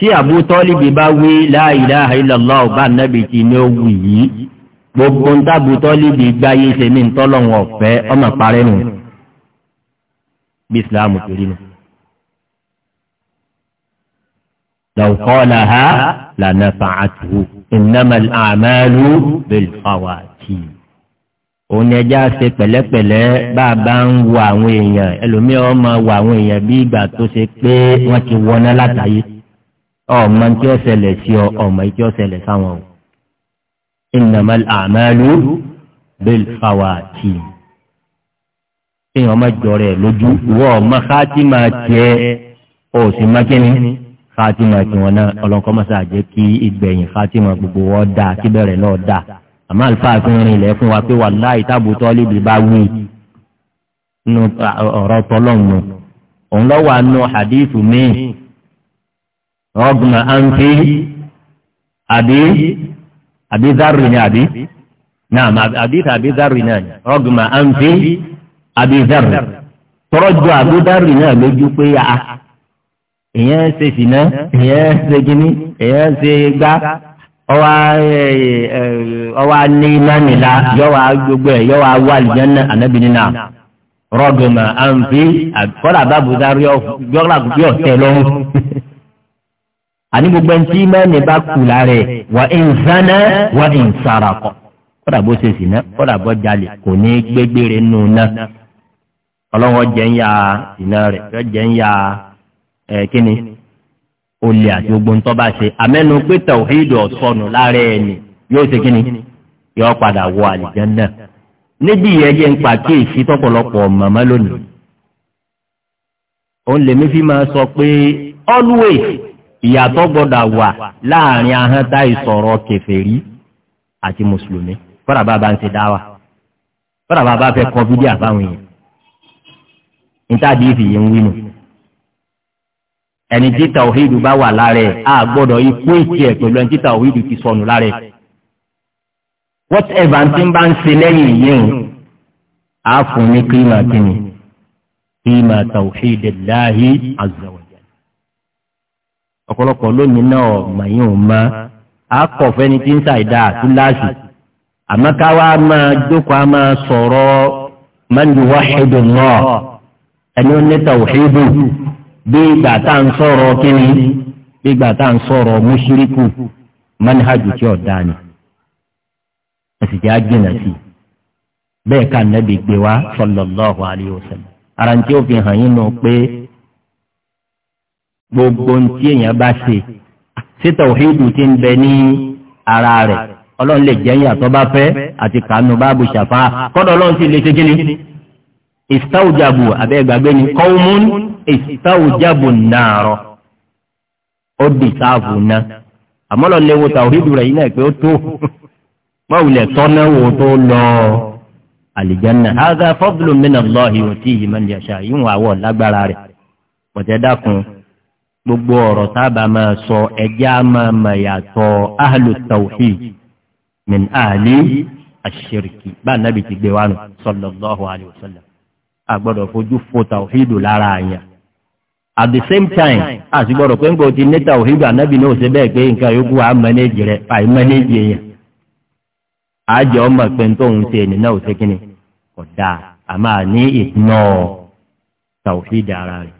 tí àbú tọ́lìbì bá wí la ilaha illallah ọba nẹ́bì tí ní ó wù yìí gbogbo ń tábù tọ́lìbì gbáyé ṣe ní ntọ́lọ́wọ̀n ọ̀fẹ́ ọmọ parẹ́ nù bí islam torí nù. law qalaha la nafa'athu innamal a'malu bil khawatim. òun ẹja ṣe pẹ̀lẹ́pẹ̀lẹ́ bá a bá ń wo àwọn èèyàn ẹlòmíràn máa wo àwọn èèyàn bí ìgbà tó ṣe pé wọ́n ti wọná látàyè ọmọ tí ó ṣẹlẹ̀ sí ọ ọmọ tí ó ṣẹlẹ̀ sáwọn o innamal a'malu bil fawati kéèyàn má jọrọ ẹ lójú ìwọ ọmọ káàtì máa tiẹ o sì má kíni káàtì máa tiwọn náà ọlọ́nkọ́ máa ṣàjẹ́ kí ìgbẹ̀yìn káàtì máa gbogbo wọn dà kí bẹ̀rẹ̀ náà dà àmọ́ àlùfáà fi rìn ilẹ̀ fún wa pé wallahi táàbù tọ́lí bí bá wí ọ̀rọ̀ tọ́lọ́ọ̀nù rọ́gbọ̀nà àǹtí àbí àbí zárì ni àbí náà àbí tàbí zárì náà rọ́gbọ̀nà àǹtí àbí zárì tọ́rọ́jù àbí zárì náà lójú pé a èèyàn ṣe ṣìnà èèyàn ṣe gíní èèyàn ṣe gbá ọwọ́ ní mánìlá yọ̀wá gbogbo ẹ̀ yọ̀wá wà lìjánná ànábìnínà rọ́gbọ̀nà àǹtí àbí kọ́lá bá bùdá rí ọ̀tẹ̀ lọ́rùn àní gbogbo ẹni tí mẹ́rin bá kù lára ẹ̀ wà ń zánà wà ń sarakọ̀ kódà bó ṣe sì ná kódà bó jalè kò ní gbégbére nù ná ọlọ́wọ́ jẹ́ ń ya ìná rẹ̀ yọ jẹ́ ń ya ẹ̀ kíni olè àti gbogbo ńtọ́ bá ṣe àmẹ́nu pé tàwíìdù ọ̀sọ́nù lára ẹ̀ ni yóò ṣe kíni yọ padà wọ àlìjẹ́ndà níbi yẹn jẹ́ ń pàkíyèsí tọ́pọ̀lọpọ̀ màmá lónìí òun lèmi fi máa sọ pé always ìyàtọ̀ gbọ́dọ̀ wà láàrin ahọ́n tá ìsọ̀rọ̀ kẹfẹ́rí àti mùsùlùmí fọ́nà bá bá ń ṣe dáwà fọ́nà bá bá fẹ́ kọ́ fídíò àbáwọn yẹn nítàdí ìfìyẹ ń wí nù ẹni tí tàwíìdù bá wà lára ẹ̀ á gbọ́dọ̀ ikú ìtì ẹ̀ pẹ̀lú ẹni tí tàwíìdù ti sọnù lára ẹ̀ whatever ti ń bá ń ṣe lẹ́yìn yìí á fún ní kí máa kí ni kí máa tàwíìdù láàyè àzọ̀wọ̀ ọ̀pọ̀lọpọ̀ lónìí náà màyín ò mọ akọ̀fẹ́ ni tí ń ṣàìdá àtúláàsì àmọ́ ká wá máa jókòó á máa sọ̀rọ̀ mẹ́lì wáhídùn náà ẹni ó ní tàwùhídù bí ìgbà tá à ń sọ̀rọ̀ kiri bí ìgbà tá à ń sọ̀rọ̀ mùṣíríkù manhajù tí ọ̀dà ni ẹ̀sì jẹ́ àjìnà sí bẹ́ẹ̀ ká nàbì gbé wa sallallahu alayhi wa ara ní tí ó fi hàn yín nù pé gbogbo ń tí èèyàn bá ṣe ṣé tọ̀hídù ti ń bẹ ní ara rẹ̀ ọlọ́run lè jẹ́ ìyàtọ̀ bá fẹ́ àti kànú báàbù ṣàfà kọ́dọ̀ ọlọ́run ti lè ṣe kí ni ìstáwùjàbù abẹ́ ìgbàgbé ni kọ́wùmún ìstáwùjàbù nàárọ̀ ó bì sáàfù náà àmọ́ lọ léwu tàwíìdù rẹ̀ yìí náà pé ó tó mọ̀wùlẹ̀ tọ́nà wo tó lọ àlìjánná hàgà lọ́ọ̀hìn òtí yìí yìí ń wà lágbára rẹ̀ pọ̀tẹ́dàkùn gbogbo ọ̀rọ̀ tábà máa sọ ẹjẹ́ a máa mà yàtọ̀ ahlu tawhid min ahli aṣiriki bá nàbì ti gbé wa nù sallallahu alayhi wa fojú fo tawhidu lára àyàn at the same time a sì gbọ́dọ̀ pé nǹkan ti ní tawhidu ànábì náà ṣe bẹ́ẹ̀ pé nǹkan yòókù à mẹ́nẹ́jì rẹ̀ àì mẹ́nẹ́jì èèyàn àjọ ọmọ pé ń tóun ṣe ènìyàn náà ṣe kí ni kò dáa àmọ́ àní ìtúná